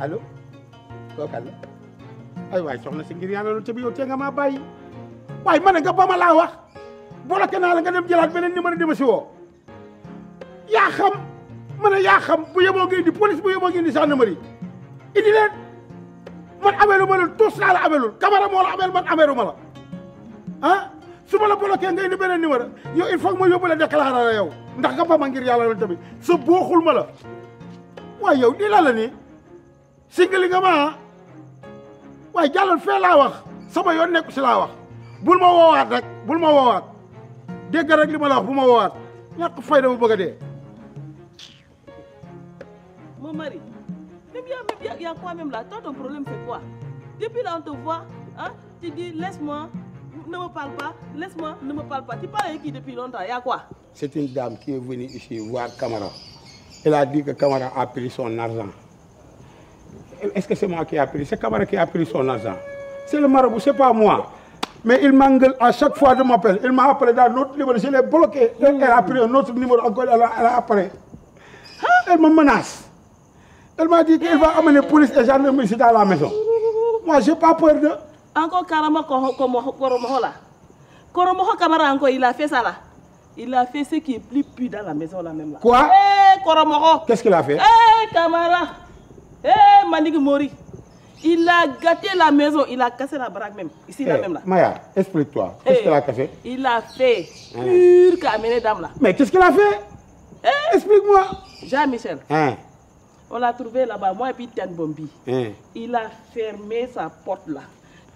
Halo, kau kalo, ayo ayo, soalnya sendiri ada lu cebi oceh nggak apa-apa. Wah, mana nggak paham lah wah. Boleh kenal kan dia jalan pelan mana di masih wah. mana ya ham, buaya di gini, polis buaya mau gini, siapa nomor ini? Ini kan, mana abelu malu, tuh selalu abelu, kamera mau abel, mana abelu malu, ha? Semua boleh kian gini pelan dia mana? Yo infak mau boleh dia kalah rayau, nggak paham manggil jalan ya, pelan dia, sebuah kul malah. Wah, yo ini lah ni. singali nga ma ah waaye jàllal la laa wax sama yoon nekku ci la wax bul ma woowaat rek bul ma woowaat dégg rek lima la wax bu ma woowaat ñàkk fay bëgg a mo mon mari même y' a même quoi même là toi ton problème c'est quoi depuis là on te voit hein? tu dis laisse-moi ne me parle pas laisse-moi ne me parle pas tu parles avec qui depuis longtemps y' a quoi. c'est une dame qui est venue ici voir Camara elle a dit que Camara a pris son argent est-ce que c'est moi qui ai appris C'est Camara qui a appris son agent. C'est le marabout, c'est pas moi. Mais il m'engueule à chaque fois je m'appelle. Il m'a appelé dans autre numéro, je l'ai bloqué. Elle, a appris un autre numéro encore, elle a, appris. appelé. Elle me menace. Elle m'a dit qu'elle va amener police et gendarmerie ici dans la maison. Moi, j'ai pas peur de. Encore carrément, Koromoho là. Koromoho Camara encore, il a fait ça là. Il a fait ce qui est plus plus dans la maison là même là. Quoi Eh, Koromoho Qu'est-ce qu'il a fait Eh, Camara il a gâté la maison, il a cassé la baraque même. Ici, la eh, même là. Maya, explique-toi. Qu'est-ce eh, qu'il a fait Il a fait pur là. Mais qu'est-ce qu'il a fait eh, Explique-moi. Jean-Michel. Hein? On l'a trouvé là-bas, moi et puis Tan Bombi. Hein? Il a fermé sa porte là.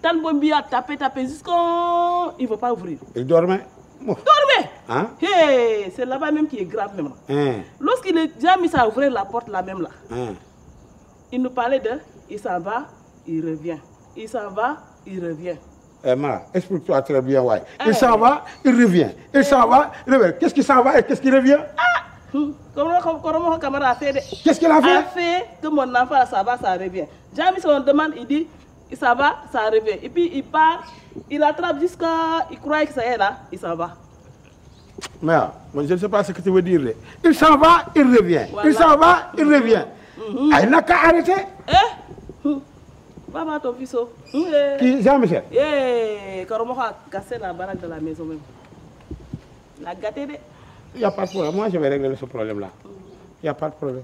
Tan Bombi a tapé, tapé jusqu'au, Il ne veut pas ouvrir. Il dormait Dormait! hein? C'est là-bas même qui est grave même. Hein? Lorsqu'il est déjà mis à ouvrir la porte là même là, il nous parlait de il s'en va, il revient. Il s'en va, il revient. Emma, eh, explique-toi très bien, ouais. Eh. Il s'en va, il revient. Il s'en va, il revient. Qu'est-ce qui s'en va et qu'est-ce qui revient ah hum, Comment mon camarade a fait Qu'est-ce qu'il a fait A fait que mon enfant, ça va, ça revient. Jamais si on demande, il dit, il s'en va, ça revient. Et puis il part, il attrape jusqu'à, il croit que ça est là, il s'en va. Mais je ne sais pas ce que tu veux dire. Il s'en va, il revient. Il s'en va, il revient. Il n'a qu'à arrêter eh? Va voir ton fils. Oh. Hum, eh. Qui Jean-Michel Eh, on a cassé la baraque de la maison même. La gâté Il n'y a pas de problème. Moi, je vais régler ce problème-là. Hum. Il n'y a pas de problème.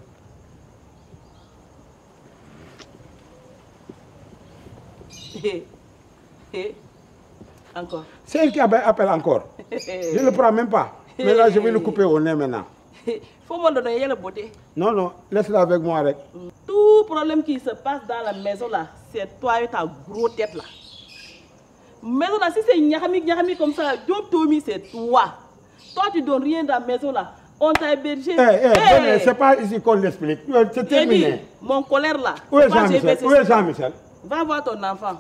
Eh, encore. C'est elle qui appelle encore. je ne le prends même pas. Mais là, je vais le couper au nez maintenant faut me donner la beauté. Non, non, laisse-la avec moi avec. Tout problème qui se passe dans la maison là, c'est toi et ta grosse tête là. Maison là, si c'est nyahami, nyahami comme ça, Job Tommy, c'est toi. Toi, tu donnes rien dans la maison là. On t'a hébergé. Eh, eh. eh. c'est pas ici qu'on l'explique. C'est terminé. mon colère là. Où est Jean-Michel Où est Jean-Michel Va voir ton enfant.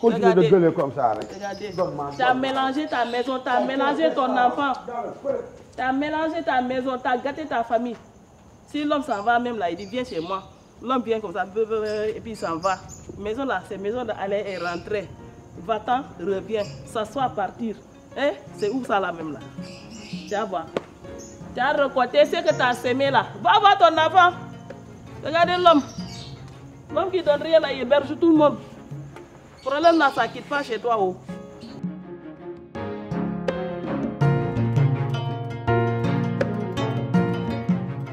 Continue de gueuler comme ça. Regardez. Tu as mélangé ta maison, tu as mélangé ton enfant. Tu as mélangé ta maison, tu as gâté ta famille. Si l'homme s'en va même là, il dit viens chez moi. L'homme vient comme ça, et puis il s'en va. Maison là, c'est maison d'aller et rentrer. Va-t'en, reviens, s'assoit, partir. Hein? C'est où ça là même là Tu Tu as ce que tu as semé là. Va voir ton enfant. Regardez l'homme. L'homme qui donne rien là, il héberge tout le monde. Problème là, ça ne quitte pas chez toi. Oh.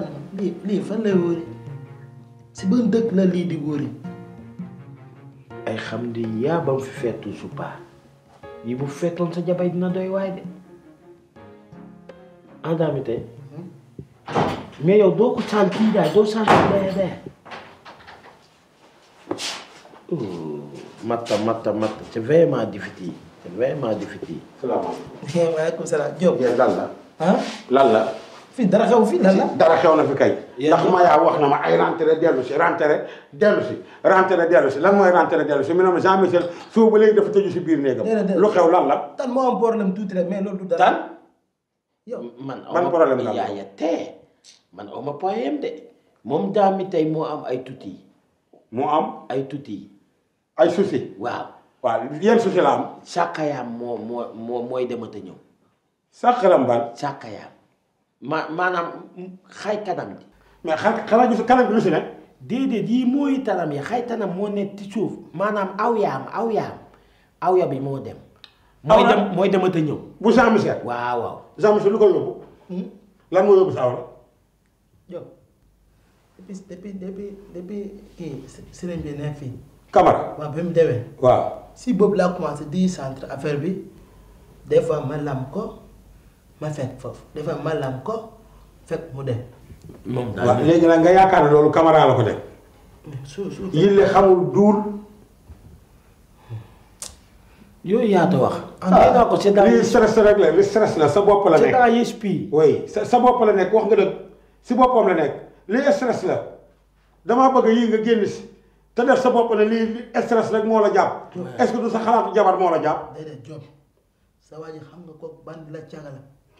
kan lii lii fan lay wóori si ban dëkk la lii di wóori ay xam di yaa bam fi fettu supa yi bu fettoon sa jabay dina doy waay de andaami ah, tey mhm. mais doo ko saal kii daay doo saal kii daay daay oh, matta matta matta c'est vraiment difficile c'est vraiment difficile salaamaaleykum eh, waaleykum salaam Diop lan la lan fii dara xew fii lan la dara xew na fi kay. ndax Maya wax na ma ay rentrée dellu si rentrée dellu si rentrée dellu si lan mooy rentrée dellu si mu ne ma Jean Michel suba ba léegi dafa tëju si biir néegam. lu xew lan la. tan moo am problème tuuti rek mais loolu du dara. tan yow man ban problème la yaaya tee man aw ma problème de moom daami tey moo am ay tuuti. mu am ay tuuti. ay souci. waaw waaw yan souci la am. sàkkayaam moo moo moo mooy demata ñëw. sàkkaram ban sàkkayaam. ma maanaam xay kanam bi mais xanaa gis kanam bi lu si ne déedéet yii mooy taram yi xay tanam moo nekk ci suuf maanaam aw yaam aw yaam aw ya bi moo dem mooy dem mooy demata ñëw bu Jean Michel waaw waaw Jean Michel lu ko yóbbu hmm? lan moo yóbbu sa aw la depuis depuis depuis depuis kii sëriñ bi ne fii Camara waaw bi mu demee waaw si boobu laa commencé di centre affaire bi des fois ma lam ko ma fekk foofu dafa ma lam ko fekk mu dem. moom léegi nag nga yaakaar ne loolu Camara la ko def. su su yille xamul duul. yooyu yaa wax. ah ko si li stress sa bopp la sa bopp la nekk wax nga dëgg si boppam la nekk li stress la damaa bëgg yii nga génn si te def sa bopp ne lii stress rek moo la jàpp. est du sa xalaatu jabar moo la jàpp. déedéet Diop sa waa xam nga ko ban la.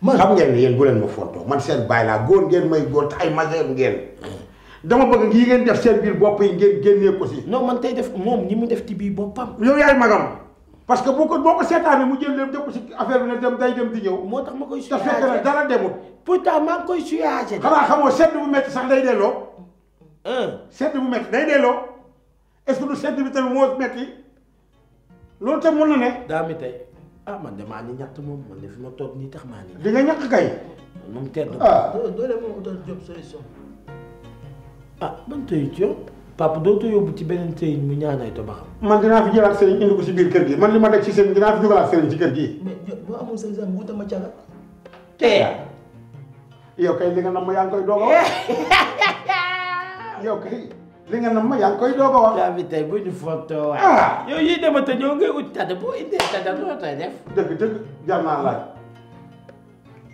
man xam ngeen ne yéen bu leen ma fontoo man seen bàyyi laa góor ngeen may góor te ay majeur ngeen dama bëgg yi ngeen def seen biir bopp yi ngeen génnee ko si. non man tey def moom ñi mu def ci biir boppam. yow yaay magam parce que boo ko boo ko mu jël lépp def ko si affaire bi ne dem day dem di ñëw. moo tax ma koy suyagé te dara demut. pourtant maa ngi koy suyagé. xanaa xamoo sedd bu métti sax day delloo. sedd bu métti day delloo est que du sedd bi tamit moo métti loolu tam mën na ne. daa mi ah man de maa ni ñàkk moom man de fi ma toog nii tax maa ni. di nga ñàkk kay. moom tedd. ah doole moom doon job solution. ah ban ci yow. papa doo too yóbbu ci beneen sëriñ mu ñaanay to ba xam. man dinaa fi jëlaat sëriñ indi ko si biir kër gi man li ma daj si sëriñ dinaa fi jugalaat sëriñ ci kër gi. mais boo amul sëriñ sax mu wutama cala. tey. yow kay li nga nam ma yaa ngi koy doog yow kay. li nga nama yaa ngi koy doo ba wax. yaa ngi tey buy ñu foto waaye. ah yow yiy dem te ñoo ngi ut tànn boo indee tànn loo tay def. dëgg dëgg jar naa laaj.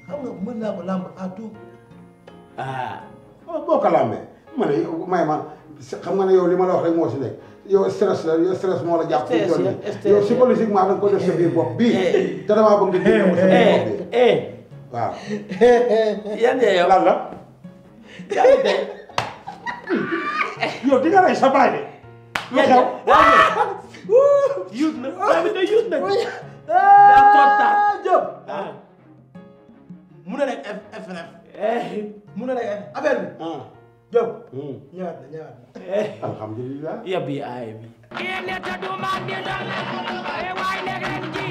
xam nga mën naa ko làmb à tout. ah. boo ko làmbee ma ne may ma xam nga ne yow li ma la wax rek moo si nekk yow stress la yow stress moo la jàpp. stress la stress yow psychologiquement da nga ko def sa biir bopp bii. te damaa bëgg nga jënd sa biir bopp bi. waaw. yan yow lan la. yaa ngi tey. yow di nga baay de. lu xew yuut na waaw bi de yuut na. daa kontaan ah, Diop. Ah. mu ne rek FNF. Eh. mu ne rek affaire bi. Ah. Diop. Hmm. ñëwaat na eh.